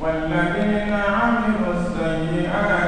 والذين عملوا السيئات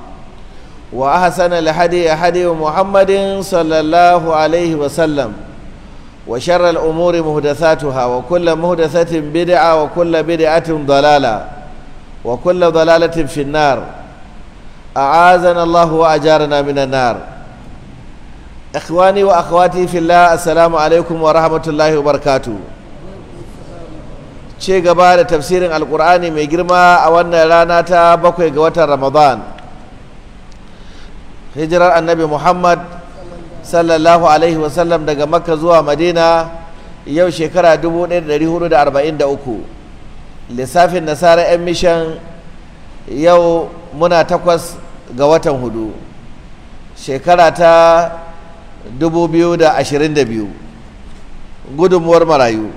وأحسن الهدي هدي محمد صلى الله عليه وسلم وشر الأمور مهدثاتها وكل مهدثة بدعة وكل بدعة ضلالة وكل ضلالة في النار أعاذنا الله وأجارنا من النار إخواني وأخواتي في الله السلام عليكم ورحمة الله وبركاته ce gaba da tafsirin alkur'ani mai girma a wannan rana ta bakwai ga watan ramadan hijirar annabi muhammad sallallahu alaihi wasallam daga makka zuwa madina yau shekara 1443 lissafin nasara 'yan mishan yau muna takwas ga watan hudu shekara ta 2022 gudunmuwar marayu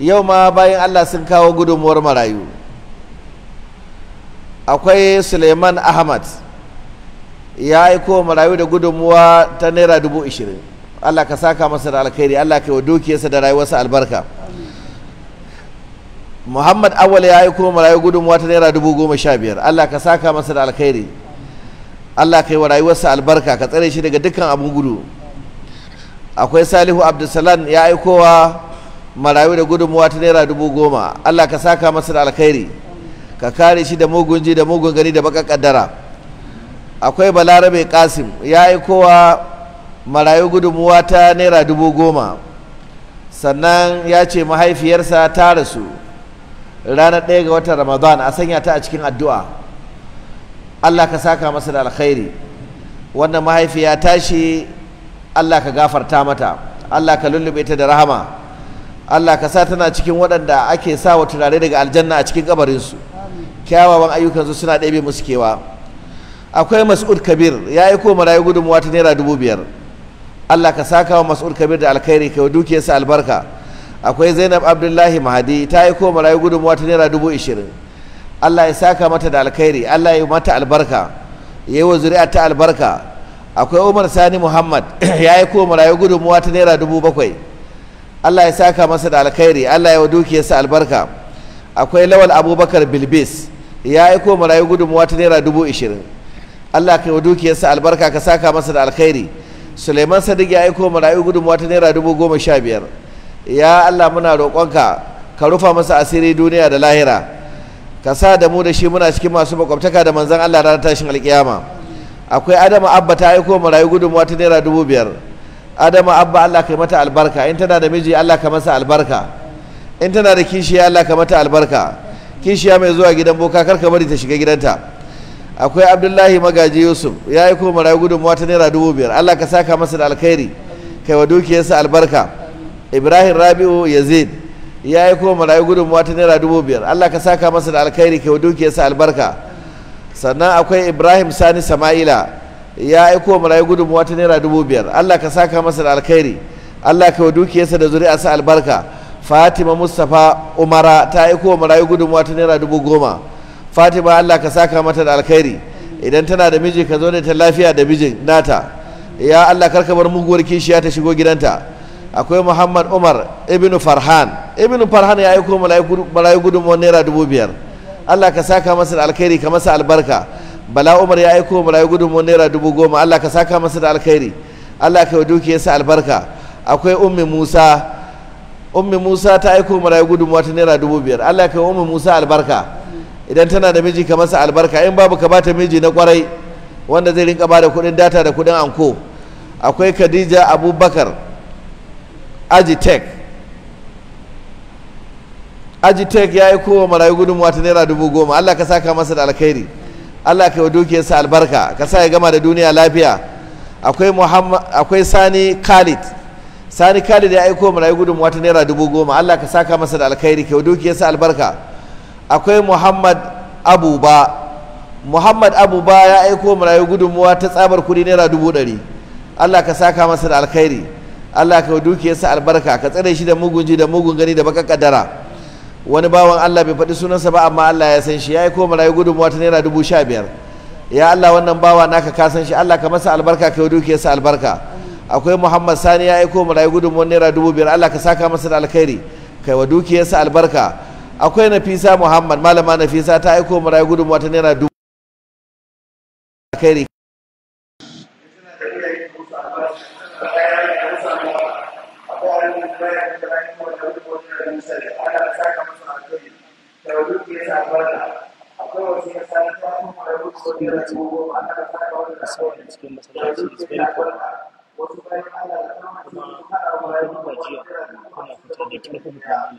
yau ma bayan allah sun kawo gudunmuwar marayu akwai suleiman ahmad ya aiko marayu da gudunmuwa ta naira dubu ishirin Allah ka saka masa da alkhairi Allah ka yi wa dukiyarsa da rayuwarsa albarka Muhammad Awal ya aiko marayu gudunmuwa ta naira dubu goma sha biyar Allah ka saka masa da alkhairi Allah ka yi wa rayuwarsa albarka ka tsare shi daga dukkan abin gudu akwai Salihu Abdulsalam ya aiko wa marayu da gudunmuwa ta naira dubu goma Allah ka saka masa da alkhairi ka kare shi da mugun ji da mugun gani da baka kaddara akwai balarabe kasim ya aikowa marayu gudunmuwa ta naira dubu goma sannan ya ce mahaifiyarsa ta rasu ranar ɗaya ga watan ramadan a sanya ta a cikin addu'a allah ka saka masa da alkhairi wannan mahaifiya shi allah ka gafarta mata allah ka lullube ta da rahama allah ka sa tana cikin waɗanda ake sa wa turare daga aljanna a cikin kabarinsu kyawawan ayyukansu suna ɗebe musu kewa akwai mas'ud kabir ya yi aiko marayu gudunmuwa ta naira dubu biyar allah ka saka wa mas'ud kabir da alkhairi ka dukiyarsa albarka akwai zainab abdullahi mahadi ta yi aiko marayu gudunmuwa ta naira dubu ishirin allah ya saka mata da alkhairi allah ya mata albarka ya yi wa zuri'a ta albarka akwai umar sani muhammad ya yi aiko marayu gudunmuwa ta naira dubu bakwai allah ya saka masa da alkhairi allah ya wa dukiyarsa albarka akwai lawal abubakar bilbis ya yi aiko marayu gudunmuwa ta naira dubu ishirin Allah kai wa dukiyarsa albarka ka saka masa da alkhairi Suleiman Sadiq ya aiko marayu gudunmuwa ta naira dubu goma sha biyar ya Allah muna roƙonka ka rufa masa asiri duniya da lahira ka sa da mu da shi muna cikin masu makwabtaka da manzon Allah ranar tashin alƙiyama. akwai Adamu Abba ta aiko marayu gudunmuwa ta naira dubu biyar Adamu Abba Allah kai mata albarka in tana da miji Allah ka masa albarka in tana da kishiya Allah ka mata albarka kishiya mai zuwa gidan boka kar ka bari ta shiga gidanta akwai abdullahi magaji yusuf ya yi koma rayu gudunmawa ta naira dubu biyar allah ka saka masa da alkhairi kai wa dukiyarsa albarka ibrahim rabi'u yazid ya yi koma rayu gudunmawa ta naira dubu biyar allah ka saka masa da alkhairi kai wa dukiyarsa albarka sannan akwai ibrahim sani sama'ila ya yi aiko marayu gudunmuwa ta naira dubu biyar allah ka saka masa da alkhairi allah kai wa dukiyarsa da zuri'arsa albarka fatima mustapha umara ta yi aiko marayu gudunmuwa ta naira dubu goma fatima allah ka saka mata da alkhairi idan tana da miji ka zo da ta lafiya da mijin nata ya allah karka bar muguwar kishiya ta shigo gidanta akwai muhammad umar ibn farhan ibn farhan ya aiko malayu gudunmuwar naira dubu biyar allah ka saka masa da alkhairi ka masa albarka bala umar ya aiko malayu gudunmuwar naira dubu goma allah ka saka masa da alkhairi allah ka yi sa albarka akwai ummi musa ummi musa ta aiko malayu gudunmuwa ta naira dubu biyar allah ka yi ummi musa albarka idan tana da miji ka masa albarka in babu ka bata miji na kwarai wanda zai rinka bada kudin data da kudin anko akwai khadija abubakar agitek agitek ya yi kowa marayu gudunmuwa ta naira dubu goma allah ka saka masa da alkhairi allah ka yi sa albarka ka sa ya gama da duniya lafiya akwai akwai sani khalid sani khalid ya aiko marayu gudunmuwa ta naira dubu goma allah ka saka masa da alkhairi ka yi sa albarka akwai muhammad abuba muhammad abuba ya aiko marayu gudunmuwa ta tsabar kudi naira dubu ɗari allah ka saka masa da alkhairi allah ka dukiyarsa albarka ka tsare shi da mugun ji da mugun gani da baka kaddara wani bawan allah bai faɗi sunansa ba amma allah ya san shi ya aiko marayu gudunmuwa ta naira dubu sha biyar ya allah wannan bawa naka ka san shi allah ka masa albarka ka dukiyarsa albarka akwai muhammad sani ya aiko marayu gudunmuwa naira dubu biyar allah ka saka masa da alkhairi kai wa dukiyarsa albarka akwai fisa muhammad malama fisa ta aiko marayu gudun wata nera dubu kairi wasu bayan ana da kama su kuma a wajen bajiya kuma kuma da kuma kuma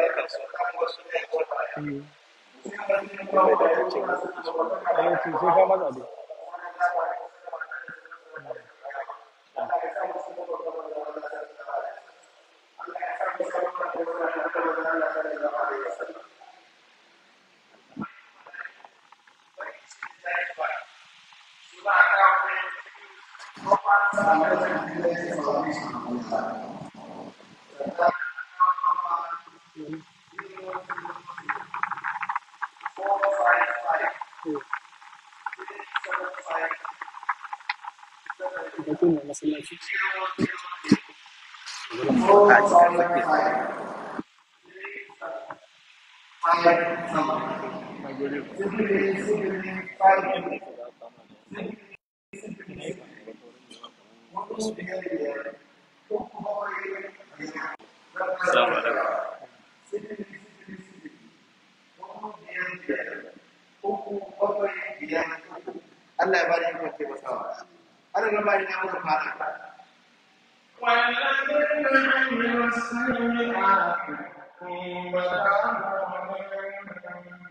Eh. sai ka matsa dai السلام عليكم Allah ya bada ikon taimakawa. Ana gaba ina muka fara. والذين عملوا السيئات ثم تابوا من بعدها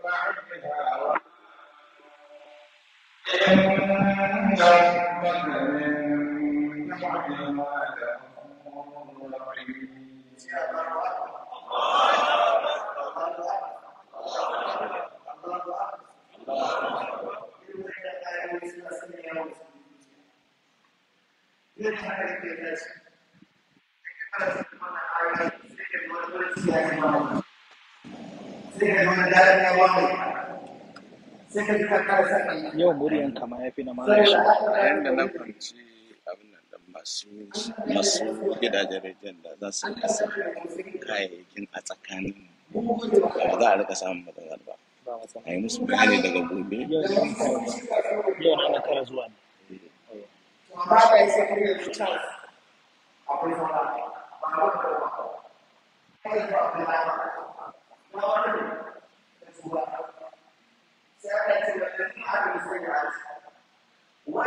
إن ربك من بعدها لهم yau muryan kama ya fi na na masu gidajen rediyon da za su kasa kayayyakin a tsakanin ba za a rika samun matsalar ba a yi musu bayani daga gobe yau na na kara zuwa ne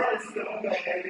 Why is it going to be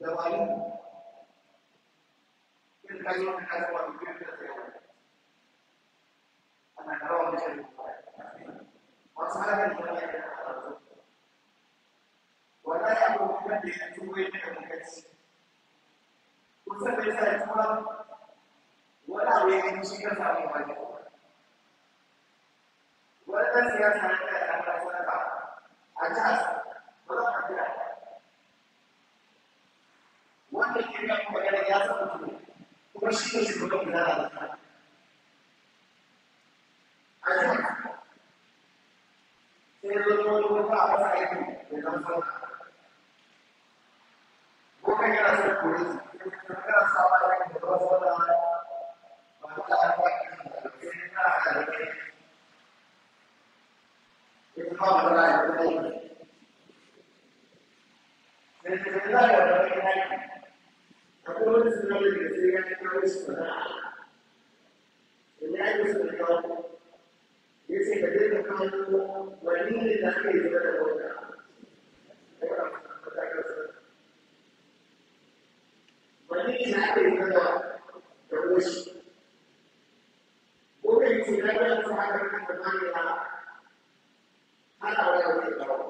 دوائين كل حاجة من حاجة واحدة في كل يوم أنا حرام مثل وأصحاب الجمال ولا يأمر بمد يحتوي يعني من المكتس وسبب ذلك ولا يعين شيئا فعلي واجبه ولا تنسي أن أنا أعجز وأن الكيمياء هو مجال الرياضة والفنون ومشينا في العلوم إلى هذا الفن Thank you. أقول أن الذين كانوا الصلاة لأجل الصلاة ليس كذلك كانوا ولي لداخل البلد والدعاء ولي لداخل البلد والوشي وبالتالي لا يصح أن تتمنى هذا ولا يوجد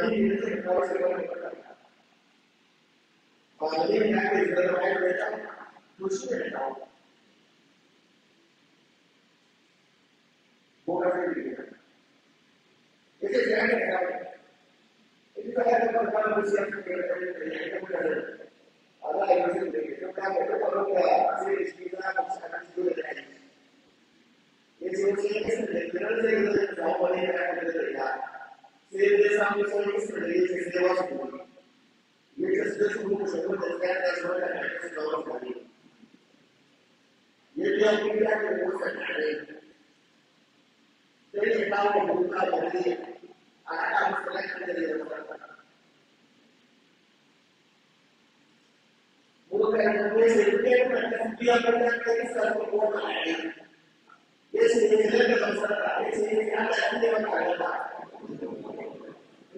money is a possible और ये है कि इधर राइट बेटा दूसरे बेटा वो कैसे दिखेगा इसे जैन कहता है इस तरह का प्रकार दूसरे अपने बेटे के लिए है तो कैसे अगर ये से देखे तो क्या कहते हैं लोग क्या से इसकी तरह कुछ करना शुरू हो जाएगा ये सोचिए कि जनरल से जाओ बने रहना चाहिए Same place I'm going to spend days in the hospital. We just just move to the next guy that's not an actress dollar for me. ये भी अपनी क्या के बोल सकते हैं तेरे इतना वो भूखा बोली आया हम सेलेक्ट कर लिए वो कहते हैं इसलिए प्रैक्टिस किया करते हैं कि सर को बहुत आएगा ये सीधे लेकर बन सकता है ये सीधे यहाँ तक नहीं बन पाएगा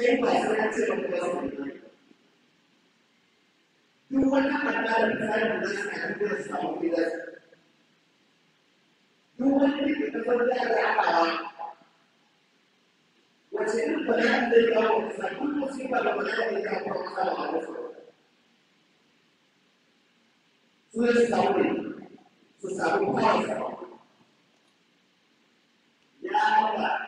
y a a e a r en n o r Tú a l l a t h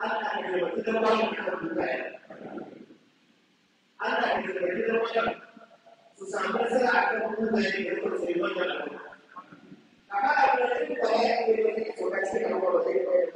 Allah is a particular prayer. Allah is a particular prayer. So, sampai saya akan mengulangi untuk saya mengulangi. Maka, apa yang kita lakukan, kita lakukan sebagai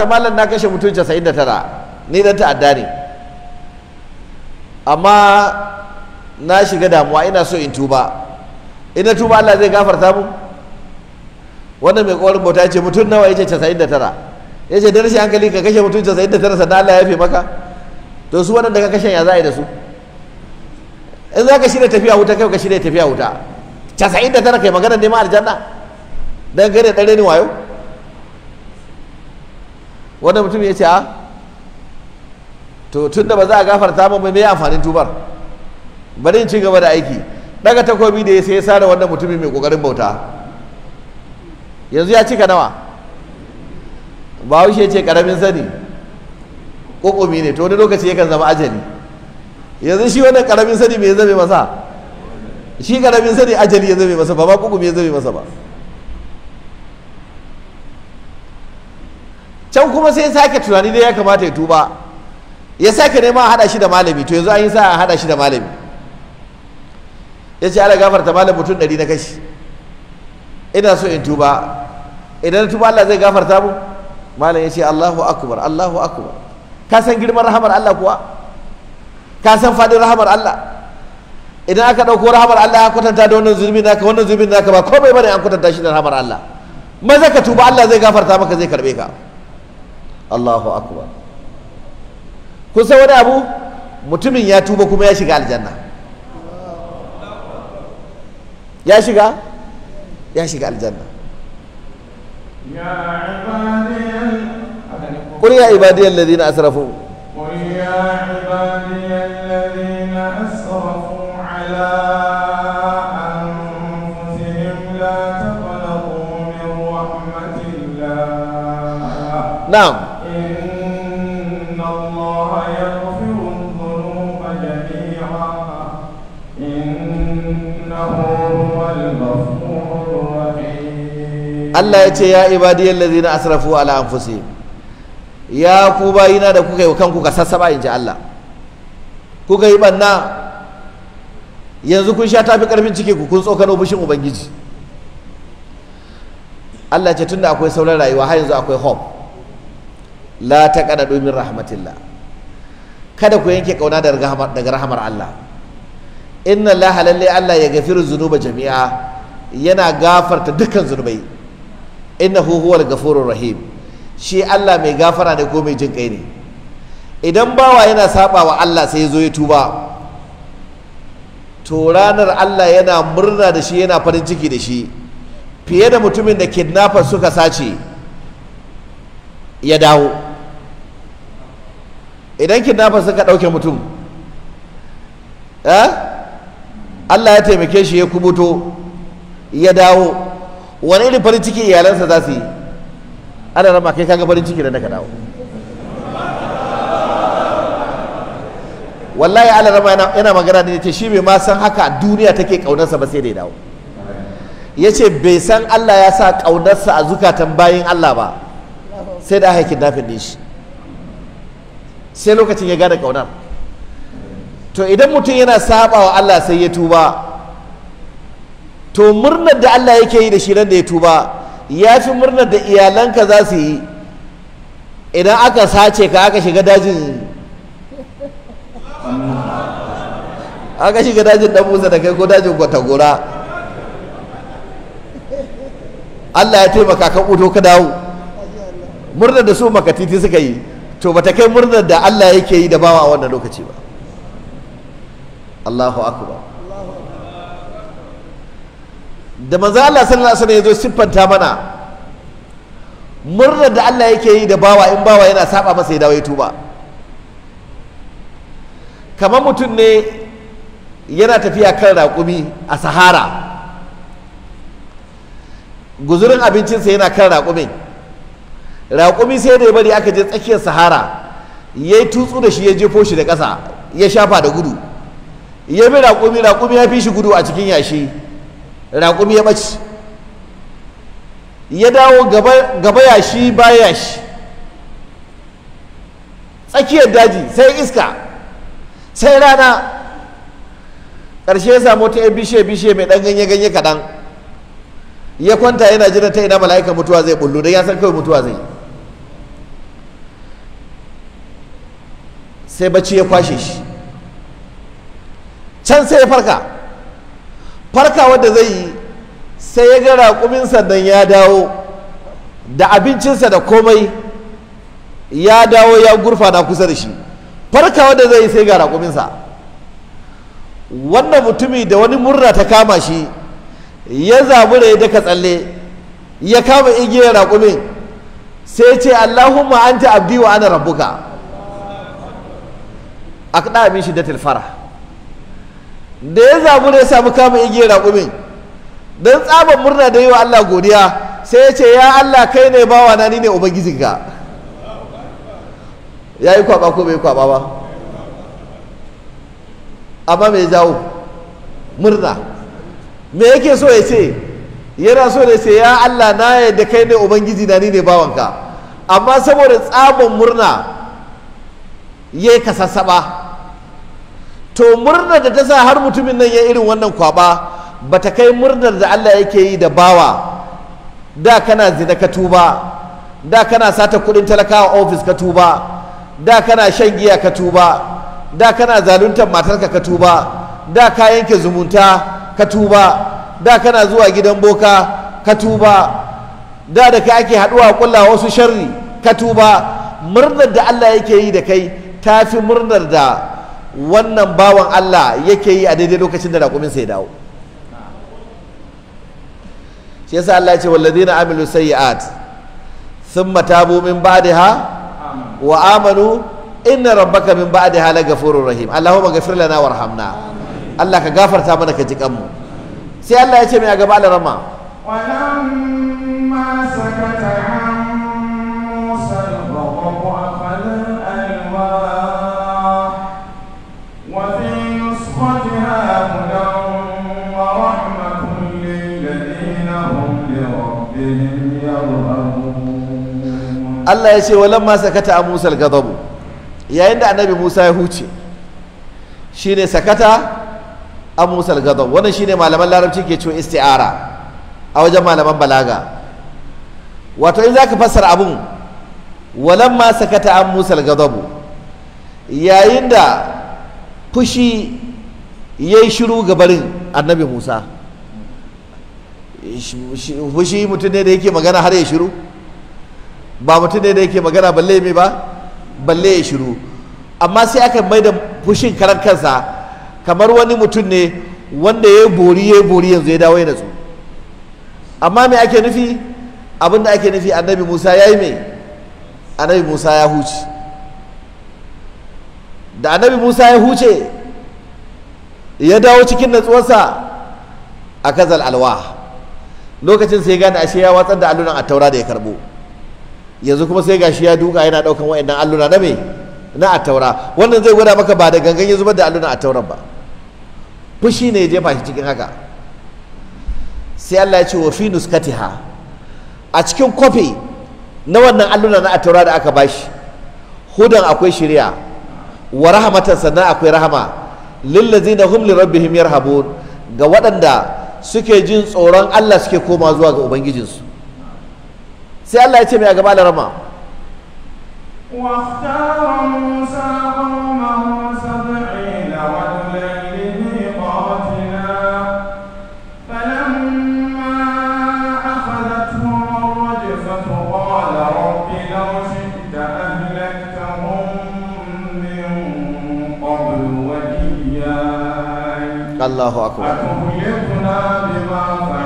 ta malam na kashe mutum 99 ni dan ta'adda ne amma na shiga damuwa ina so in tuba ina tuba Allah zai gafarta mu wannan mai kwarin bauta ce mutum nawa yace 99 yace da rashin hankali ka kashe mutum 99 sannan Allah ya fi maka to su waɗanda ka kashe ya za a yi da su in za ka shirya tafiya wuta kai ka shirya tafiya wuta 99 kai magana ne ma aljanna dan gare ɗare ni wayo wanda mutum ya ce a ah, to tun da ba za a gafarta ba mai amfanin tubar bari in ci gaba da aiki daga takobi da ya sai sa sare wannan mutumin mai kokarin bauta yanzu ya cika nawa bahaushe ce karamin sani kokomi ne to wani lokaci yakan zama ajali yanzu shi wannan karamin sani mai zame masa shi karamin sani ajali ya zame masa ba ba kokomi ya zame masa ba can kuma sai sake tunani dai ya kamata ya tuba ya sake neman haɗa shi da malami to yanzu an yi sa a haɗa shi da malami ya ce ala gafarta malam mutum ɗari na kashi ina so in tuba idan tuba Allah zai gafarta mu malam ya ce Allahu akbar Allahu akbar ka san girman rahamar Allah kuwa ka san fadin rahamar Allah idan aka ɗauko rahamar Allah ya kwatanta da wannan zulmi naka wannan zulmi naka ba komai bane an kwatanta shi da rahamar Allah maza ka tuba Allah zai gafarta maka zai karɓe ka Allahu akbar kusa wani abu mutumin ya tuba kuma ya shiga aljanna ya shiga ya shiga aljanna قل يا عبادي الذين أسرفوا قل يا عبادي الذين أسرفوا على أنفسهم لا تقنطوا من رحمة الله نعم Allah ya ce ya ibadiyal ladina asrafu ala anfusihim ya ku bayina da kuka yi kanku ka sassaba in ji Allah kuka yi banna yanzu kun sha tafi karfin ciki ku kun tsokano bishin ubangiji Allah ce tunda akwai sauran rayuwa har yanzu akwai hope la ta taqana domin rahmatillah kada ku yanke kauna daga rahamar Allah inna la halalle Allah ya gafiru zunuba jami'a yana gafarta dukkan zunubai innahu huwal gafurur rahim shi Allah mai gafara ne ko mai jin kai ne idan bawa yana saba wa Allah sai ya zo ya tuba to ranar Allah yana murna da shi yana farin ciki da shi fiye da mutumin da kidnapper suka sace ya dawo idan kidnapper suka dauke mutum eh? Allah ya taimake shi ya kubuto ya dawo wani irin farin ciki iyalansa za su yi ana rama kai kaga farin ciki da naka dawo wallahi ala rama yana magana ne ce shi bai ma san haka duniya take kaunarsa ba sai da dawo ya ce bai san Allah ya sa kaunarsa a zukatan bayin Allah ba sai da aka kidnafin din shi sai lokacin ya gane kaunar to idan mutum yana saba Allah sai ya tuba to murnar da Allah yake yi da shi ran da ya tuba ya fi murnar da iyalanka za su yi idan aka sace ka aka shiga dajin aka shiga dajin dan musa da kai ko dajin kwatagora Allah ya taimaka ka kuto ka dawo murnar da su makatiti suka yi to bata kai murnar da Allah yake yi da bawa a wannan lokaci ba Allahu akbar da manzan Allah sallallahu alaihi wasallam ya zo siffanta mana murnar da Allah yake yi da bawa in bawa yana saba masa ya dawo ya tuba kamar mutum ne yana tafiya kan raƙumi a sahara guzurin abincinsa yana kan raƙumin raƙumi sai da ya bari aka je tsakiyar sahara ya yi tutsu da shi ya jefo shi da ƙasa ya shafa da gudu ya bi raƙumi raƙumi ya fi shi gudu a cikin yashi rakumi ya ɓace ya dawo gaba yashi ba yashi tsakiyar daji sai iska sai rana ƙarshe ya samu ta bishe-bishe mai ɗan ganye-ganye kaɗan ya kwanta yana jira ta ina mala'ika mutuwa zai bullu da ya san kawai mutuwa zai sai bacci ya kwashe shi can sai ya farka farkawa da zai yi sai ya ga raƙuminsa nan ya dawo da abincinsa da komai ya dawo ya gurfana kusa da shi farkawa da zai yi sai ga raƙuminsa wannan mutumi da wani murna ta kama shi ya da ya daka tsalle ya kama igiyar raƙumin sai ce allahumma ma'anta abdi wa ana kaɗa abin shi da tilfara da ya zabu da ya samu kama igiyar raƙumin don tsaban murna da yi wa Allah godiya sai ya ce ya Allah kai ne bawa na ni ne ubangijinka ya yi kwaba ko bai kwaba ba amma mai jawo murna me yake so ya ce yana so da ce ya Allah na yadda kai ne ubangiji na ni ne bawanka amma saboda tsaban murna ya yi kasassaba to murnar da ta sa har mutumin nan ya irin wannan kwaba ba ta kai murnar da Allah yake yi da bawa da kana zina ka tuba da kana sata kudin talakawa ofis ka tuba da kana shan giya ka tuba da kana zaluntar matarka ka tuba da ka yanke zumunta ka tuba da kana zuwa gidan boka ka tuba da da ka ake haduwa kullawa wasu sharri ka tuba murnar da Allah yake yi da kai ta fi murnar da wannan bawan Allah yake yi a daidai lokacin da raƙumin sai dawo shi yasa Allah ya ce walladina amilu sayyi'at Sun tabu min ba'daha wa amanu inna rabbaka min ba'daha lagafurur rahim Allahumma ghafir lana warhamna Allah ka gafarta mana ka ji kanmu sai Allah ya ce mai a gaba alarama sakata Allah ya ce walan ma sakata a Musa al gadabu yayin da annabi Musa ya huce shine sakata a Musa al gadabu wannan shine malaman larabci ke cewa isti'ara a wajen malaman balaga wato in zaka fassara abun walan ma sakata a Musa al gadabu yayin da fushi yayi shiru ga barin annabi Musa fushi mutum ne da yake magana har ya shiru ba mutum ne da yake magana balle mai ba balle ya shiru amma sai aka mai da fushin karan kansa kamar wani mutum ne wanda ya bori ya bori yanzu ya dawo ya natsu amma me ake nufi abin da ake nufi annabi musa ya yi mai annabi musa ya huce da annabi musa ya huce ya dawo cikin natsuwarsa a kazal alwa lokacin sai gane ashe ya watsar da allunan a taura da ya karbo yanzu kuma sai gashi ya duka yana daukan wa'annan alluna na me na ataura wannan zai gwada maka ba da gangan ya zubar da alluna attauran ba fushi ne ya jefa shi cikin haka sai Allah ya ce wa fi nuskatiha a cikin kofi na wannan alluna na ataura da aka bashi hudan akwai shari'a wa rahmatan sannan akwai rahama lillazina hum li rabbihim yarhabun ga waɗanda suke jin tsoron Allah suke koma zuwa ga ubangijinsu sai Allah ya ce mai a gaba da الله أكبر بما فعل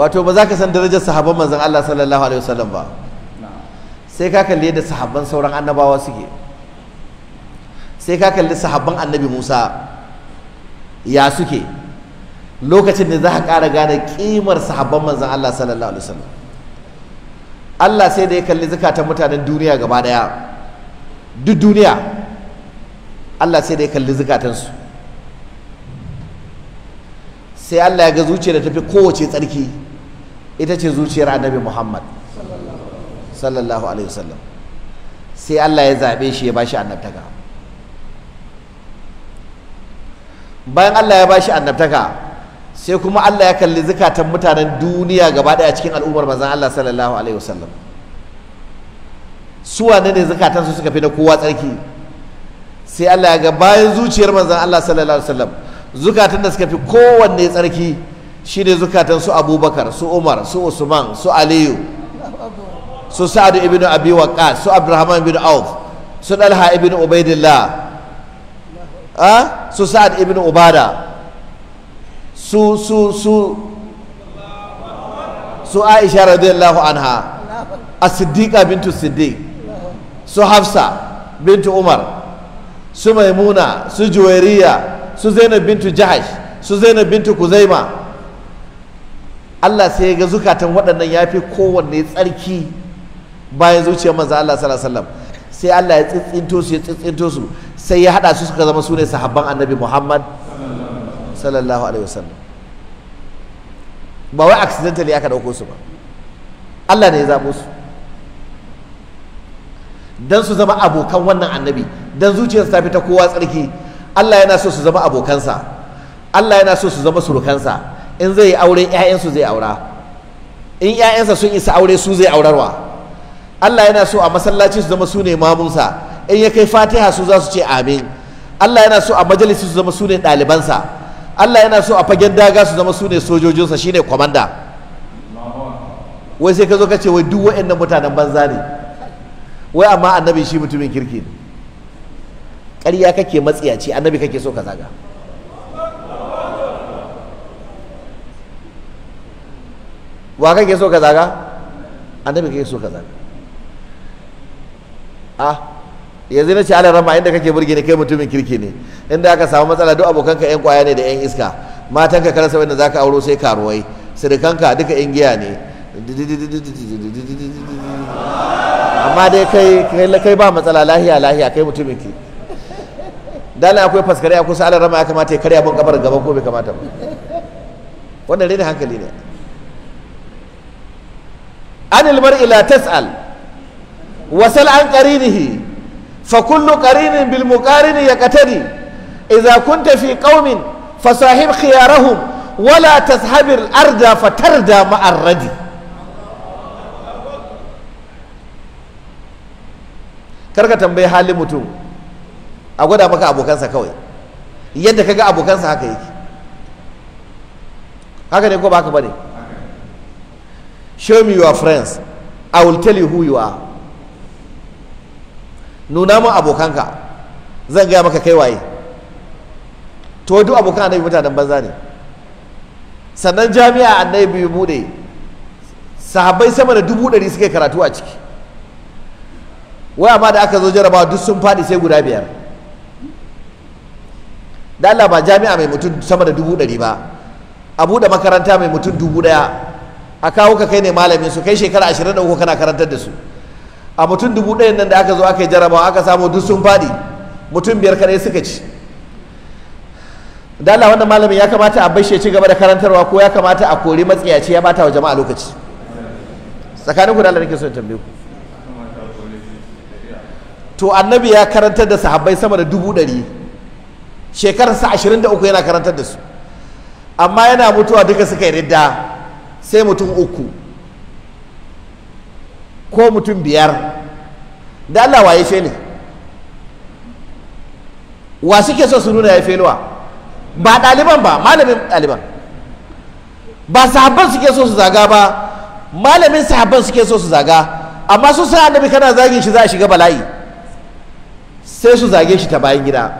wato ba za ka san darajar sahabban manzon Allah sallallahu alaihi wasallam ba sai ka kalli yadda sahabban sauran annabawa suke sai ka kalli sahabban annabi Musa ya suke lokacin da za ka ƙara gane ƙimar sahabban manzon Allah sallallahu alaihi wasallam Allah sai da ya kalli zukatan mutanen duniya gaba daya duk duniya Allah sai da ya kalli zukatansu sai Allah ya ga zuciya da tafi kowace tsarki ita ce zuciyar annabi muhammad sallallahu alaihi wasallam sai allah ya zaɓe shi ya bashi annabtaka bayan allah ya bashi annabtaka sai kuma allah ya kalli zukatan mutanen duniya gaba ɗaya cikin al'ummar manzan allah sallallahu alaihi wasallam su ne ne zukatan su suka fi na kowa tsarki sai allah ya ga bayan zuciyar manzan allah sallallahu alaihi wasallam zukatan da suka fi kowanne tsarki shi ne zukatan su abubakar su umar su usman su aliyu su sa'adu ibn abi Waqqa su abdurrahman ibn auf su dalha ibn ubaidillah su sa'ad ibn ubada su su su su aisha radiyallahu anha as-siddiqa bintu siddiq su hafsa bintu umar su maimuna su juwairiya su zainab bintu jahash su zainab bintu kuzaima Allah sai ya ga zukatan waɗannan ya fi kowanne tsarki bayan zuciyar manzo Allah sallallahu alaihi wasallam sai Allah ya tsitsinto su ya tsitsinto su sai ya hada su suka zama sune sahabban Annabi Muhammad sallallahu alaihi wasallam ba wai accidentally aka dauko su ba Allah ne ya zabo su dan su zama abokan wannan annabi dan zuciyarsa ta fi ta kowa tsarki Allah yana so su zama abokansa Allah yana so su zama surukansa in zai aure ƴaƴansu zai aura in 'ya'yansa sun isa aure su zai aurarwa Allah yana so a masallaci su zama su ne mamunsa in ya kai fatiha su za su ce amin Allah yana so a majalisi su zama su ne ɗalibansa Allah yana so a fagen daga su zama su ne sojojinsa shi ne kwamanda wai sai ka zo ka ce wai duk waɗannan mutanen banza ne wai amma annabi shi mutumin kirki ne ƙarya kake matsiyaci annabi kake so ka zaga wa ke so ka zaga annabi ke so ka zaga ah yanzu na ce ala rama inda kake burge ne kai mutumin kirki ne inda aka samu matsala duk abokanka yan kwaya ne da yan iska matanka karasa wanda zaka auro sai karuwai sirikanka duka yan giya ne amma dai kai kai ba matsala lahiya lahiya kai mutumin ki dana akwai faskare akwai sa'alar rama ya kamata ya karya bin kafar gaba ko bai kamata ba wannan rena hankali ne anil mar'i la tas'al wasal an qarinihi fa kullu qarinin bil muqarini yaqtadi idza kunta fi qaumin fasahib khiyarahum wala tashabil arda fatarda ma'ar radi karka tambayi halin mutum a gwada maka abokansa kawai yadda kaga abokansa haka yake haka ne ko ba haka bane show me your friends i will tell you who you are nuna min abokanka zan gaya maka kai waye to duk abokan annabi mutanen banza ne sannan jami'a annabi mu ne sahabbai sama da dubu ɗari suke karatu a ciki waya ma da aka zo jarabawa duk sun faɗi sai guda biyar da Allah ba jami'a mai mutum sama da dubu ɗari ba a buɗe makaranta mai mutum dubu ɗaya a kawo ka kai ne malamin su kai shekara ashirin da uku kana karantar da su a mutum dubu ɗayan nan da aka zo aka yi jarabawa aka samu duk sun faɗi mutum biyar kaɗai suka ci dala wannan malamin ya kamata a bashi ya ci gaba da karantarwa ko ya kamata a kori matsiyaci ya bata wa jama'a lokaci tsakanin ku da Allah nake so in tambaye ku to annabi ya karantar da sahabbai sama da dubu ɗari shekararsa ashirin da uku yana karantar da su amma yana mutuwa duka suka yi ridda sai mutum uku ko mutum biyar da Allah waye ne wa suke so su nuna ya feluwa ba ɗaliban ba malamin ɗaliban ba sahabban suke so su zaga ba malamin sahabban suke so su zaga amma su sa annabi kana zagin shi za a shiga bala'i sai su zage shi ta bayan gida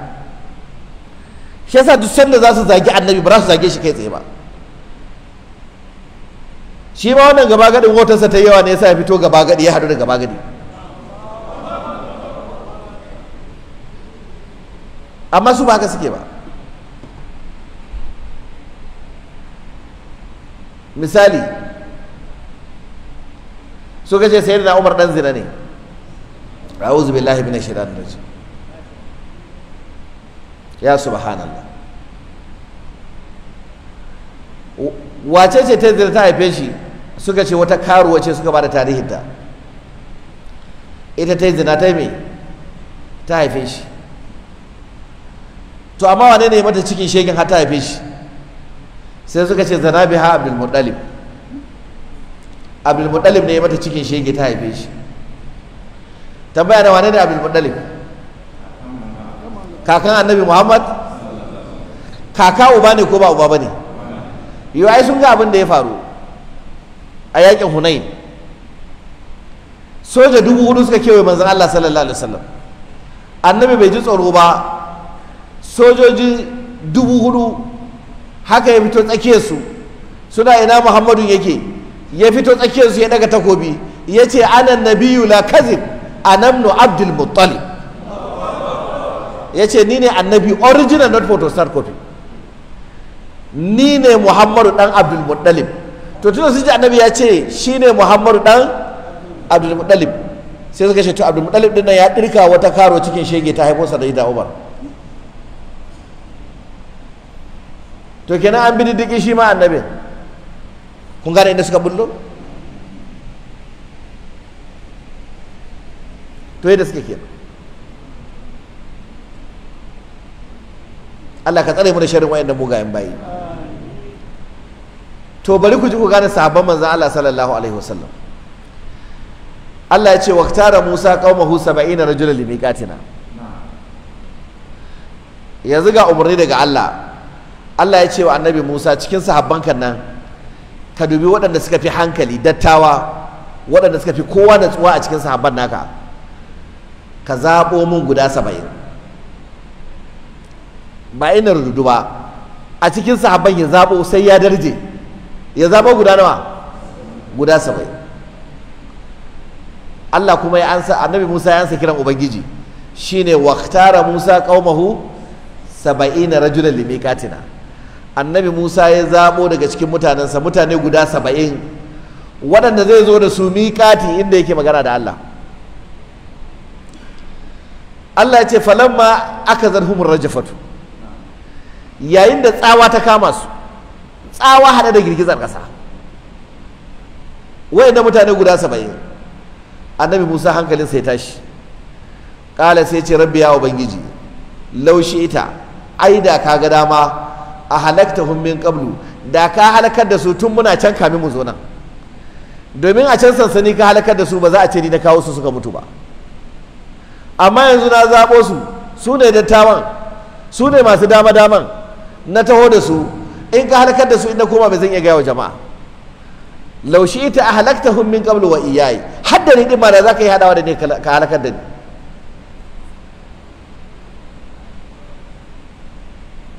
shi yasa duk sanda za su zagi annabi ba za su zage shi kai tsaye ba shi ma wannan gaba gadi motarsa ta yawa ne yasa ya fito gaba gadi ya hadu da gaba gadi amma su ba haka suke ba misali su ce sai na umar dan zina ne a'udhu billahi minash shaitanir rajim ya subhanallah wace ce ta zina ta haife shi suka ce wata karuwa ce suka bada tarihinta ita ta yi zina ta yi mai ta haife shi to amma wane ne mata cikin shekin har ta haife shi sai suka ce zana biha abdul muttalib abdul muttalib ne mata cikin shekin ta haife shi tambaya da wane ne abdul muttalib kakan annabi muhammad kaka uba ne ko ba uba ba ne yi sun ga abin da ya faru a yakin hunain soja dubu hudu suka kewaye manzan Allah sallallahu alaihi wasallam annabi bai ji tsoro ba sojoji dubu hudu haka ya fito tsakiyarsu suna ina muhammadu yake ya fito tsakiyarsu ya daga takobi ya ce anan nabiyu la kazib anamnu abdul muttalib ya ce ni ne annabi original not photo start copy ni ne muhammadu dan abdul muttalib to tunda sun ji annabi ya ce shi ne muhammadu dan abdulmuttalib sai suka ce to abdulmuttalib din nan ya dirka wata karo cikin shege ta haifo da umar to kenan an bi diddiki shi ma annabi kun gane inda suka bullo to yadda suke kenan Allah ka tsare mu da sharrin da mugayen bayi to bari ku ji ku gane sahabban manzon Allah sallallahu alaihi wasallam Allah ya ce waqtara Musa qaumahu 70 rajulan miqatina yanzu ga umarni daga Allah Allah ya ce wa annabi Musa cikin sahabban kan nan ka dubi waɗanda suka fi hankali dattawa waɗanda suka fi kowa da tsuwa a cikin sahabban naka ka zaɓo mun guda saba'in ba ina rududu ba a cikin sahabban ya zaɓo sai ya darje ya zaɓo guda nawa guda saba'in Allah kuma ya ansa annabi Musa ya ansa kiran ubangiji shine waqtara Musa qaumahu 70 rajulan limiqatina annabi Musa ya zabo daga cikin sa mutane guda 70 waɗanda zai zo da su miqati inda yake magana da Allah Allah ya ce falamma aka zarhumur rajafatu yayin da tsawa ta kama su tsawa hada da girgizar ƙasa da mutane guda saba'in annabi musa hankalin sai tashi ƙala sai ce rabbi ya ubangiji laushi ita ai da ka ga dama a halakta min ƙablu da ka halakar da su tun muna can kamin mu zo nan domin a can sansani ka halakar da su ba za a ce ni na kawo su suka mutu ba amma yanzu na zaɓo su su ne dattawan su ne masu dama daman na taho da su in ka halakar da su inda koma ba zan iya gaya wa jama'a laushi ita a halakta hun min qablu wa iyayi hadda ni ɗin ma zaka yi haɗawa da ni ka halakar da ni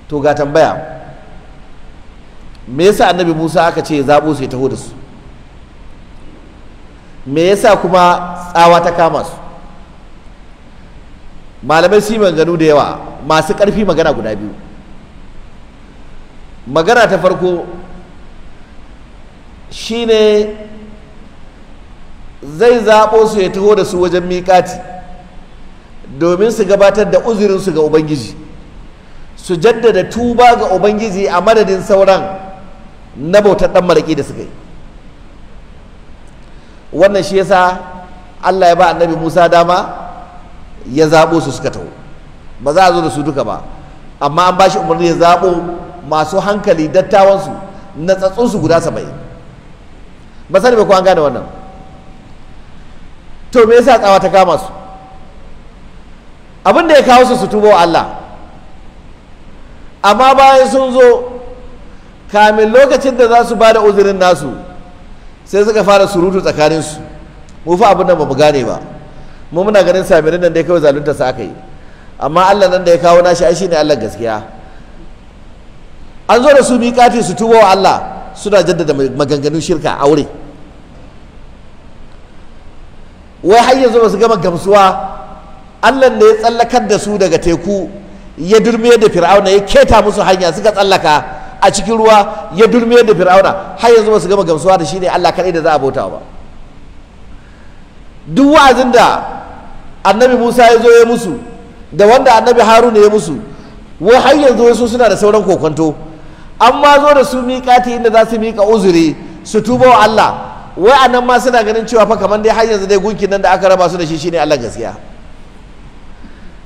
to ga tambaya me yasa annabi Musa aka ce zabo sai taho da su me yasa kuma tsawa ta kama su malamai su yi da yawa masu ƙarfi magana guda biyu magana ta farko shine zai zaɓo su ya taho da su wajen miƙati domin su gabatar da uzurinsu ga ubangiji su jaddada tuba ga ubangiji a madadin sauran na bautar ɗan maraƙi da suka yi wannan shi yasa allah ya ba annabi musa dama ya zaɓo su suka taho ba za a zo da su duka ba amma an ba shi umarni ya zaɓo masu hankali dattawansu natsatsunsu guda saba'in ba sani ba ko an gane wannan to me yasa tsawa ta kama su abin da ya kawo su su tubo Allah amma bayan sun zo kamin lokacin da za su ba da uzurin nasu sai suka fara surutu tsakaninsu mu fa abin nan ba mu gane ba mu muna ganin samirin nan dai kawai zalunta sa aka yi amma Allah nan da ya kawo nashi ai shine Allah gaskiya an zo da su miƙati su tuba wa Allah suna jaddada maganganun shirka a aure wai har yanzu ba su gama gamsuwa Allah ne ya tsallakar da su daga teku ya durme da fir'auna ya keta musu hanya suka tsallaka a cikin ruwa ya durme da fir'auna har yanzu ba su gama gamsuwa da shi ne Allah kaɗai da za a bauta ba duk wa'azin da annabi Musa ya zo ya musu da wanda annabi Haruna ya musu wai har yanzu wasu suna da sauran kokonto an ma zo da su miƙati inda za su miƙa uzuri su tuba wa Allah wai a nan ma suna ganin cewa fa kamar dai har yanzu dai gunkin nan da aka raba su da shi shine Allah gaskiya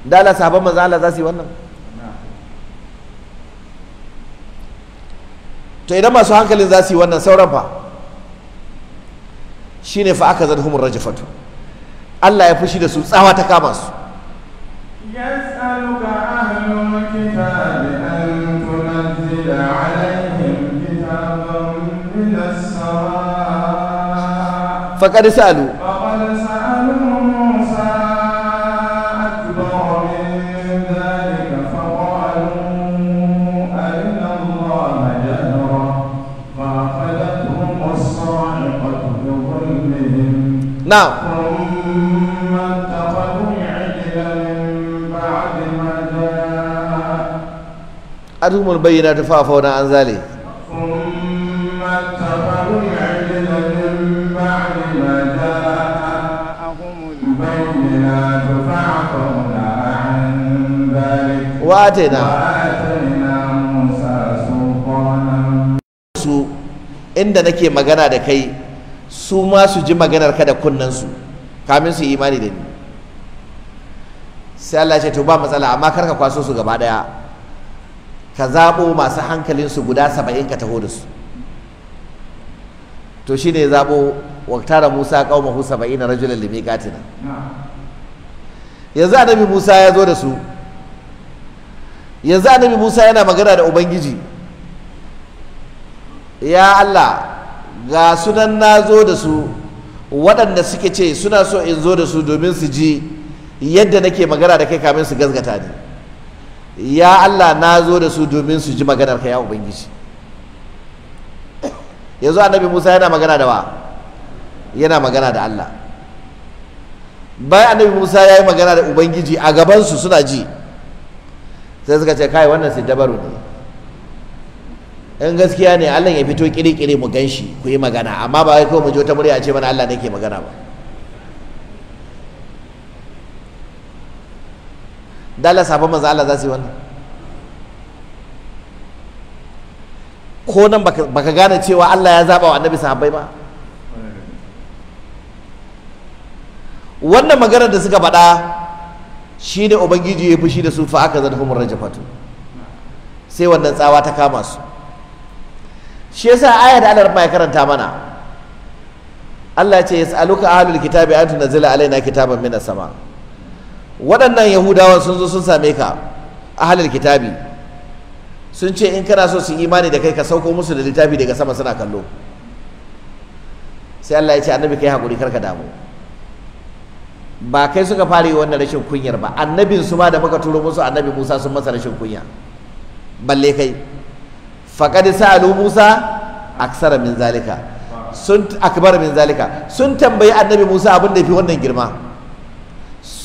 dala Allah sahabban manzo Allah za su yi wannan to idan masu hankalin za su yi wannan sauran fa shine fa aka zan humur rajafatu Allah ya fushi da su tsawa ta kama su yas'aluka ahlun فقد سألوا فقد سألوا موسى أكبر من ذلك فقالوا أرنا الله جهرا فأخذتهم الصاعقة بظلمهم نعم ثم اتخذوا العجل بعد ما جاء أتهم البينات فعفونا عن ذلك واتنا su inda nake magana da kai su ma su ji maganar ka da kunnansu kamin su imani da ni sai Allah ce to ba matsala amma karka kwaso su gaba daya ka zabo masu hankalin su guda saba'in ka taho da su to shine ya zabo waktara Musa qaumahu 70 rajulan limiqatina yanzu annabi Musa ya zo da su yanzu annabi Musa yana magana da ubangiji ya Allah ga sunan na zo da su waɗanda suke ce suna so in zo da su domin su ji yadda nake magana da kai kamin su gasgata ni ya Allah na zo da su domin su ji maganar ka ya ubangiji yanzu annabi Musa yana magana da wa yana magana da Allah bayan annabi Musa ya yi magana da ubangiji a gabansu suna ji sai suka ce kai wannan dabaru ne in gaskiya ne Allah ya fito kirikiri mu ganshi ku yi magana amma ba wai kawai mu ji wata murya ce mana Allah ne ke magana ba dala sabon manzo Allah za su yi wannan ko nan baka gane cewa Allah ya zaba wa annabi sahabbai ba wannan maganar da suka faɗa shi ne ubangiji ya fushi da su fa aka mu humar fatu. sai wannan tsawa ta kama su shi yasa ayar da Allah ya karanta mana Allah ya ce yas'aluka ahlul kitabi an tunzila alaina kitaban minas sama waɗannan yahudawan sun zo sun same ka ahlul kitabi sun ce in kana so su imani da kai ka sauko musu da littafi daga sama suna kallo sai Allah ya ce annabi kai hakuri ka damu ba kai suka fara yi wannan rashin kunyar ba annabin su ma da muka turo musu annabi Musa sun masa rashin kunya balle kai faqad sa'alu Musa aksara min zalika sun akbar min zalika sun tambayi annabi Musa abin da yafi wannan girma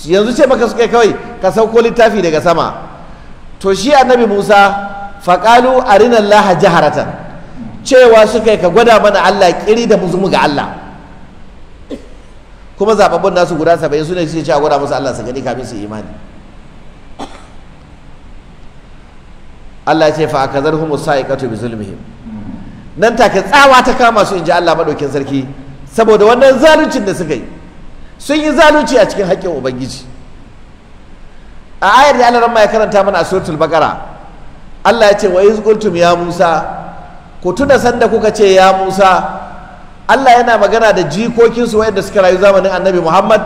yanzu ce maka suka kawai ka sauko littafi daga sama to shi annabi Musa faqalu arina Allah jaharatan cewa suka ka gwada mana Allah kiri da muzumu ga Allah kuma zababbun nasu guda saba'in su ne ce a gwada musu Allah su gani kafin su imani Allah ya ce fa akazarhum sa'iqatu bi zulmihim nan take tsawa ta kama su inji Allah madaukin sarki saboda wannan zaluncin da suka yi sun yi zalunci a cikin haƙƙin ubangiji a ayar da Allah ya karanta mana a suratul baqara Allah ya ce wa ya Musa ku tuna sanda kuka ce ya Musa Allah yana magana da jikokinsu wayanda suka rayu zamanin annabi Muhammad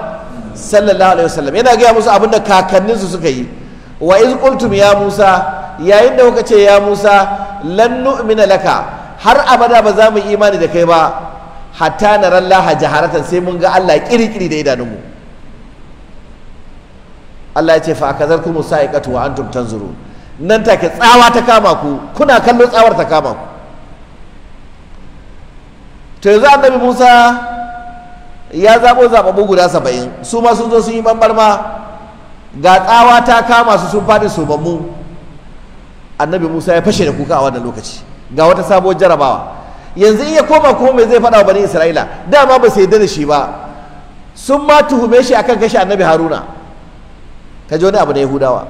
sallallahu alaihi wasallam yana gaya musu abinda kakanninsu suka yi wa iz qultum ya Musa yayin da kuka ce ya Musa lan nu'mina laka har abada ba za mu imani da kai ba hatta ran Allah jaharatan sai mun ga Allah kirikiri da idanunmu Allah ya ce fa akazarkum sa'iqatu wa antum tanzurun nan take tsawa ta kama ku kuna kallo tsawar ta kama ku to yanzu annabi musa ya zaɓo zaɓaɓɓu guda saba'in su ma sun zo sun yi ɓanɓarma ga tsawa ta kama su sun faɗi mu annabi musa ya fashe da kuka a wannan lokaci ga wata sabuwar jarabawa yanzu iya koma kuma mai zai faɗa wa bani isra'ila dama ba su yarda da shi ba sun ma tuhume shi akan kashe annabi haruna ka ji wani abu na yahudawa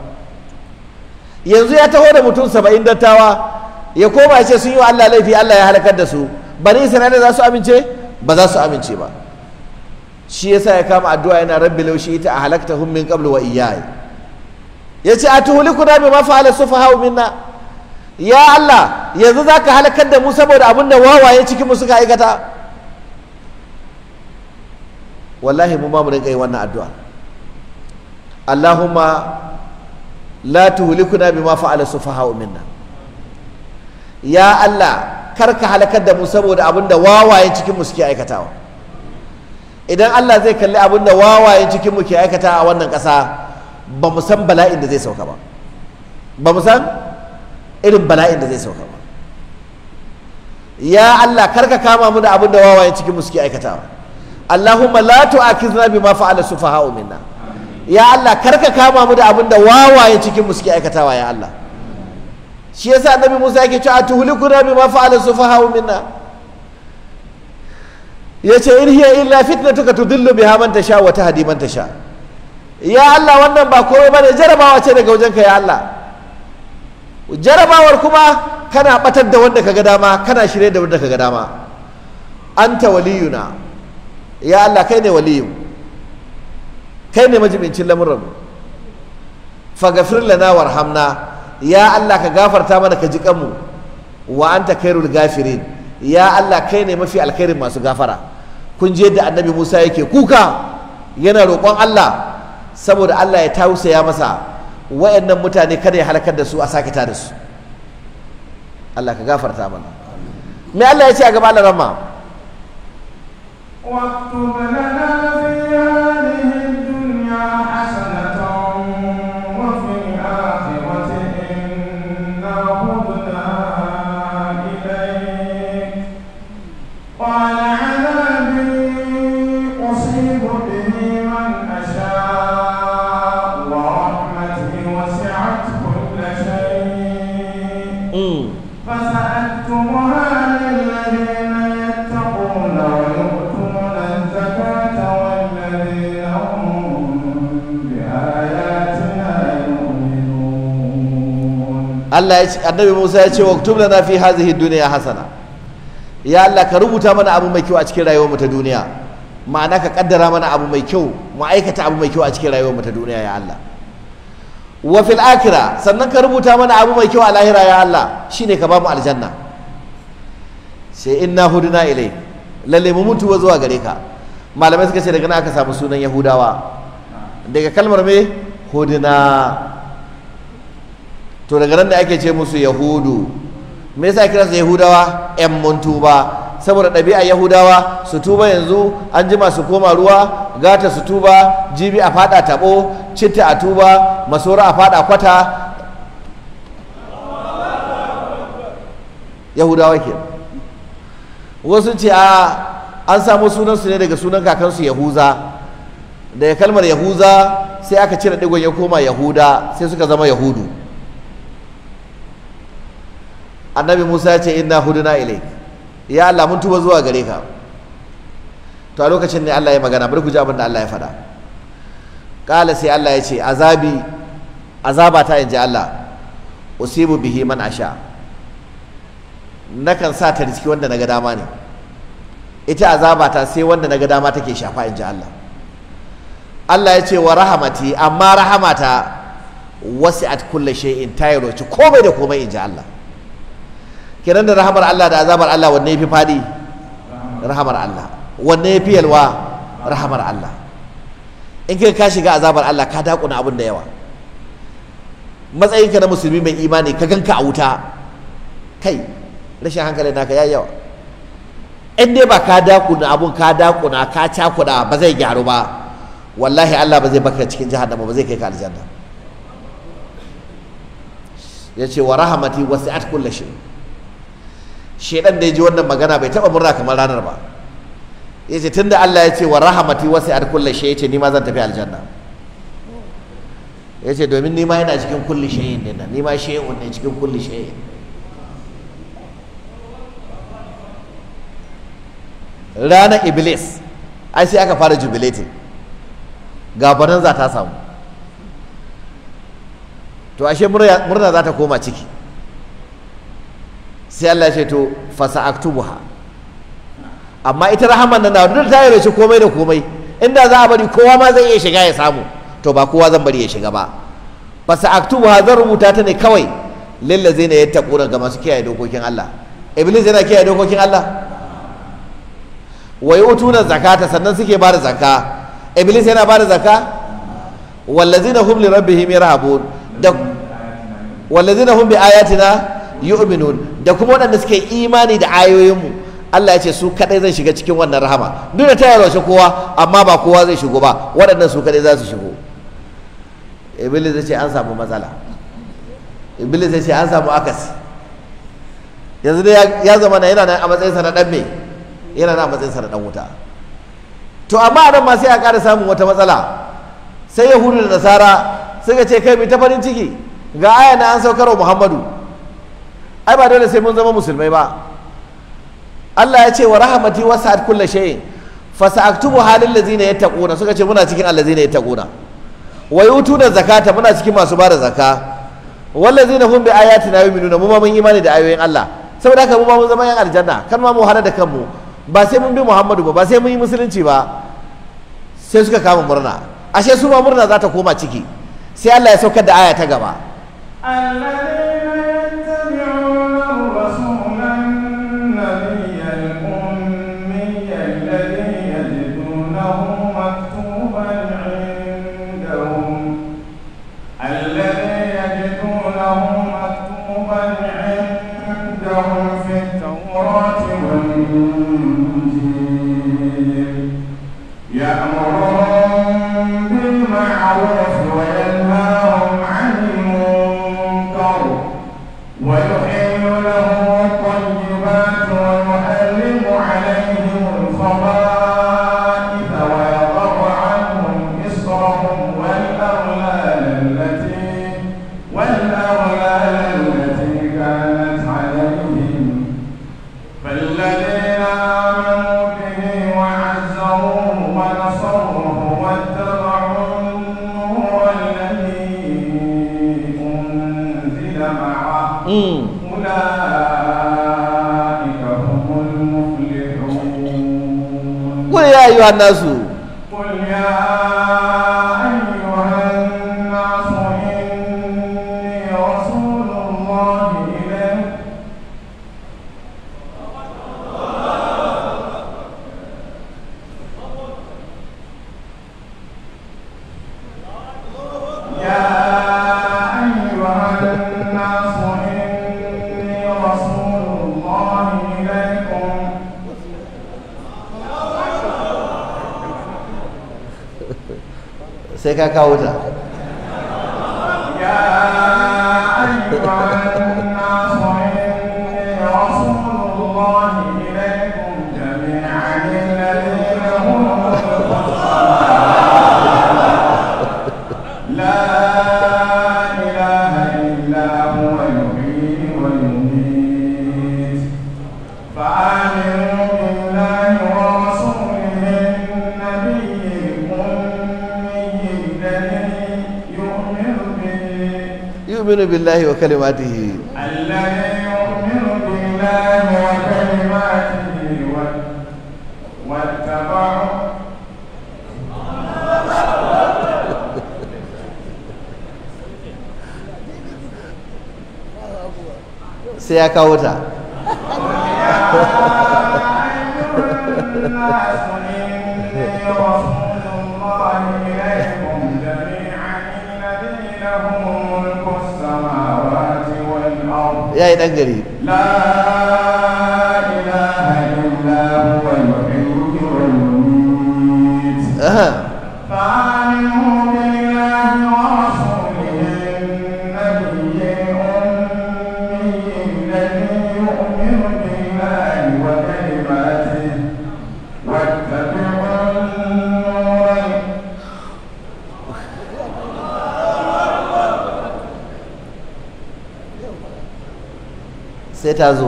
yanzu ya taho da mutum saba'in dattawa ya koma ya ce sun yi wa allah laifi allah ya halakar da su bani isra'ila za su amince ba za su amince ba shi yasa ya kama addu'a yana rabbi laushi ita a halakta hum min qablu wa iyyai yace atuhlikuna bima fa'ala sufaha minna ya Allah yanzu zaka halakar da mu saboda abin da wawaye cikin mu suka aikata wallahi mu ma mu rinka yi wannan addu'a Allahumma la tuhlikuna bima fa'ala sufaha minna ya Allah kar ka halakar da mu saboda abin da wawayen cikin mu suke aikatawa idan Allah zai kalli abin da wawayen cikin ke aikata a wannan ƙasa ba mu san bala'in da zai sauka ba ba mu san irin bala'in da zai sauka ba ya Allah kar ka kama mu da abin da wawayen cikin mu suke aikatawa Allahumma la tu'akhizna bima fa'ala sufaha'u minna ya Allah kar ka kama mu da abin da wawayen cikin mu suke aikatawa ya Allah shi yasa annabi Musa yake cewa tuhlikuna bima fa'ala sufaha'u minna yace in hiya illa fitnatuka tudillu biha man tasha wa tahdi man tasha ya Allah wannan ba komai bane jarabawa ce daga wajenka ya Allah jarabawar kuma kana batar da wanda kaga dama kana shirye da wanda kaga dama anta waliyuna ya Allah kai ne waliyu kai ne majibincin lamuran mu lana warhamna ya Allah ka gafarta mana ka ji kanmu wa anta khairul gafirin ya Allah kai ne mafi alkhairin masu gafara kun je da annabi Musa yake kuka yana roƙon Allah saboda Allah ya tausaya masa wayannan mutane kada ya halakar da su a sakita da su Allah ka gafarta mana me Allah ya ce a gaba Allah rama manana Allah ya ce annabi Musa ya ce waktub lana fi hadhihi dunya hasana ya Allah ka rubuta mana abu mai kyau a cikin rayuwar mu ta duniya ma'ana ka kaddara mana abu mai kyau mu aikata abu mai kyau a cikin rayuwar mu ta duniya ya Allah wa fil akhirah sannan ka rubuta mana abu mai kyau a lahira ya Allah shine ka ba mu aljanna sai inna huduna ilai lalle mu mutu zuwa gare ka malamai suka ce daga nan aka samu sunan yahudawa daga kalmar me huduna to daga nan da ake ce musu yahudu me yasa kira su yahudawa yan mun tuba saboda ɗabi'a yahudawa su tuba yanzu an jima su koma ruwa gata su tuba jibi a fada tabo citta a tuba masora a fada kwata yahudawa ke wasu ce a an samu sunansu ne daga sunan kakansu yahuza daga kalmar yahuza sai aka cire digon ya koma yahuda sai suka zama yahudu annabi musa ya ce inna huduna ilai ya allah mun tuba zuwa gare ka to a lokacin ne allah ya magana bari ku ji abin da allah ya faɗa Kala sai allah ya ce azabi azaba ta in ji allah usibu bihi man asha nakan sa ta riski wanda na ga dama ne ita azaba ta sai wanda na ga dama take shafa in ji allah allah ya ce wa rahamati amma rahamata wasi'at kulli shay'in ta yi komai da komai in ji allah kenan da rahamar Allah da azabar Allah wanne ya fi faɗi rahamar Allah wanne ya fi yalwa rahamar Allah in kai ka shiga azabar Allah ka dakuna abin da yawa matsayinka na musulmi mai imani ka ganka a wuta kai rashin hankali naka yayi yawa in dai ba ka dakuna abun ka dakuna ka cakuda ba zai gyaru ba wallahi Allah ba zai baka cikin jahannama ba zai kai ka aljanna yace wa rahmati wasi'at kulli shay' shedan da ya ji wannan magana bai taba murna kamar ranar ba ya ce tunda Allah ya ce wa rahamati wasu ar kulle shi ya ce ni ma zan tafi aljanna ya ce domin ni ma yana cikin kulli shayin ne na ni ma shay'un ne cikin kulli shayin ranar iblis ai sai aka fara jubilating gabanin za ta samu to ashe murna za ta koma ciki sai Allah ce to fasa'aktubuha amma ita rahaman nan da ta yi komai da komai inda za a bari kowa ma zai iya shiga ya samu to ba kowa zan bari ya shiga ba fasa'aktubuha zan rubuta ta ne kawai na yadda yattaquna ga masu kiyaye dokokin Allah iblis yana kiyaye dokokin Allah wa yu'tuna zakata sannan suke bada zakka iblis yana bada zakka wallazina hum li rabbihim yarhabun da wallazina hum bi ayatina yu'minun da kuma waɗanda suke imani da ayoyinmu Allah ya ce su kadai zai shiga cikin wannan rahama duk da ta yarwace kowa amma ba kowa zai shigo ba waɗannan su kadai za su shigo iblis zai ce an samu matsala iblis zai ce an samu akasi yanzu dai ya zama na yana nan a matsayinsa na dan me yana nan a matsayinsa na dan wuta to amma a nan ma sai a ƙara samun wata matsala sai yahudu da nasara suka ce kai mai ta farin ciki ga aya na an wa muhammadu ai ba dole sai mun zama musulmai ba Allah ya ce wa rahmati wasa'at kulli shay'in fa sa'aktubu halil ladzina yattaquna suka ce muna cikin allazina yattaquna wa yutuna zakata muna cikin masu bada zakka wallazina hum bi ayatina yu'minuna mu ma mun imani da ayoyin Allah saboda haka mu ba mun zama yan aljanna kan ma mu hada da kanmu ba sai mun bi Muhammadu ba ba sai mun yi musulunci ba sai suka kama murna ashe su ma murna za ta koma ciki sai Allah ya saukar da aya ta gaba آمنوا به وعزروه ونصروه واتبعوا أولئك هم المفلحون قل يا أيها الناس 高着。yu'minu billahi wa kalimatihi sai ya kawo ta Allah ya yi ɗan gari ta zo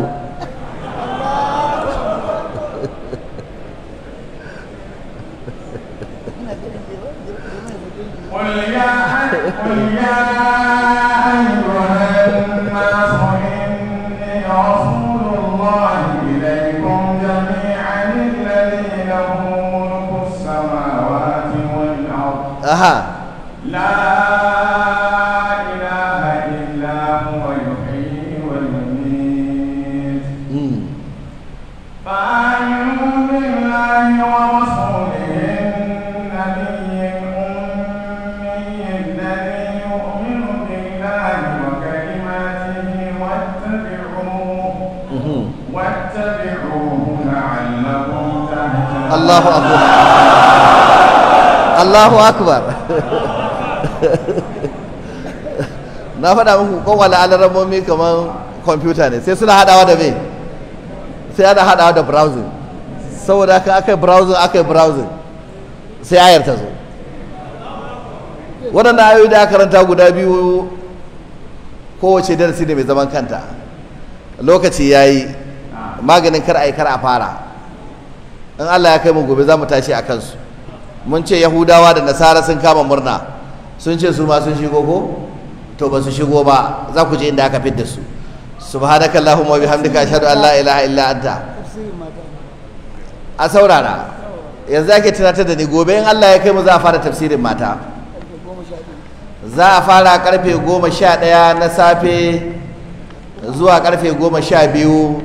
Allahu akbar Allahu akbar na faɗa muku kowane alarammomi kamar kwamfuta ne sai suna haɗawa da me sai ana haɗawa da browsing saboda haka aka yi browsing aka yi browsing sai ayar ta zo waɗanda ayoyi da karanta guda biyu kowace darasi da mai zaman kanta lokaci ya yi maganin kar a yi kar a fara in Allah ya kai mu gobe za mu tashi a kansu mun ce yahudawa da nasara sun kama murna sun ce su ma sun shigo ko to ba su shigo ba za ku je inda aka fidda su subhanakallahumma wa bihamdika ashhadu an la ilaha illa anta a saurara yanzu ake tunatar da ni gobe in Allah ya kai mu za a fara tafsirin mata za a fara karfe goma sha na safe zuwa karfe goma sha biyu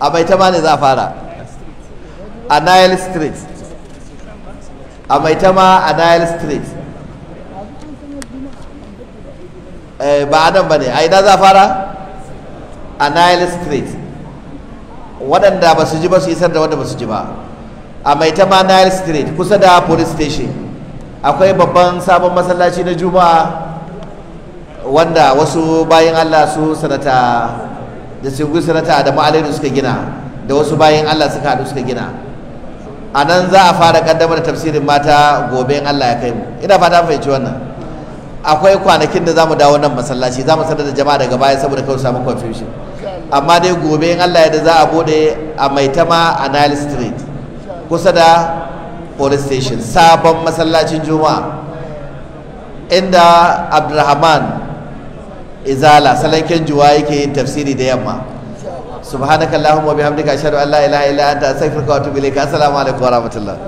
a mai ta ne za a fara a nile street a mai ma a nile street eh, ba a nan ba ne a ina za a fara a nile street waɗanda ba su ji ba su isar da wanda ba su ji ba a mai ma nile street kusa da police station akwai babban sabon masallaci na juma'a wanda wasu bayan allah su sanata da sai sanata da ma'alaidu suka gina da wasu bayan Allah suka haɗu suka gina a nan za a fara kaddamar tafsirin mata gobe in Allah ya kai mu ina fata fahimci wannan akwai kwanakin da zamu dawo nan masallaci zamu sanar da jama'a daga baya saboda kawai samu confusion amma dai gobe in Allah ya da za a bude a Maitama a Nile Street kusa da police station sabon masallacin Juma'a inda Abdulrahman izala salanken juwa yake yin tafsiri da yamma subhanakallahumma wa bihamdika ashhadu an la ilaha illa anta astaghfiruka wa atubu ilayk assalamu alaikum wa rahmatullah